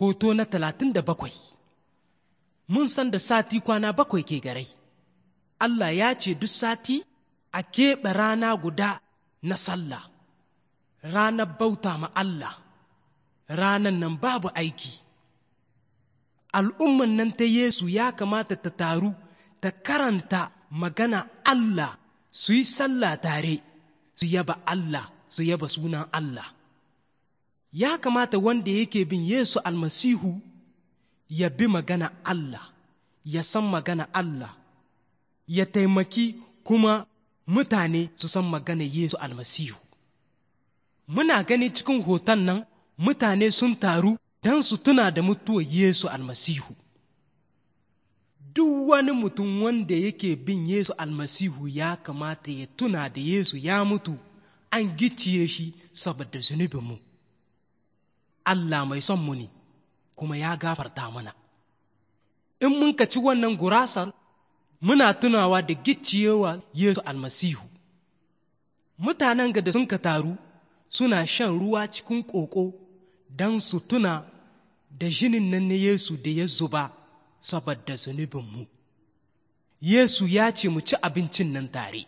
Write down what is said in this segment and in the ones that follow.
hoto na talatin da bakwai mun san da sati kwana bakwai ke garai Allah ya ce duk sati a keɓe rana guda na sallah ranar bauta ma Allah ranar nan babu aiki al'umman nan ta Yesu ya kamata ta taru ta karanta magana Allah su yi sallah tare su yaba Allah su yaba sunan Allah ya kamata wanda yake bin Yesu almasihu ya bi magana Allah ya san magana Allah ya taimaki kuma mutane su san magana Yesu almasihu muna gani cikin hoton nan mutane sun taru don su tuna da mutuwar Yesu almasihu duk wani mutum wanda yake bin Yesu almasihu ya kamata ya tuna da Yesu ya mutu an gicciye shi saboda zunubinmu mu Allah mai son mu ne kuma ya gafarta mana in mun ci wannan gurasar muna tunawa da gicciyewa Yesu almasihu mutanen ga da sun ka taru suna shan ruwa cikin ƙoƙo don su tuna da jinin nan na Yesu da ya zuba saboda mu. Yesu ya ce mu ci abincin nan tare.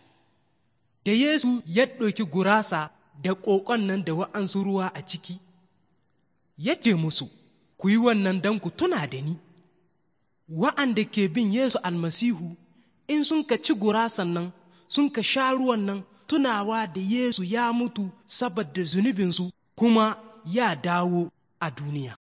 Da Yesu ya ɗauki gurasa da ƙoƙon nan da wa'ansu ruwa a ciki, ya musu ku yi wannan don ku tuna da ni wa'anda ke bin yesu almasihu in sun ka ci gurasan nan sun ka sha ruwan nan tunawa da yesu ya mutu saboda zunubinsu kuma ya dawo a duniya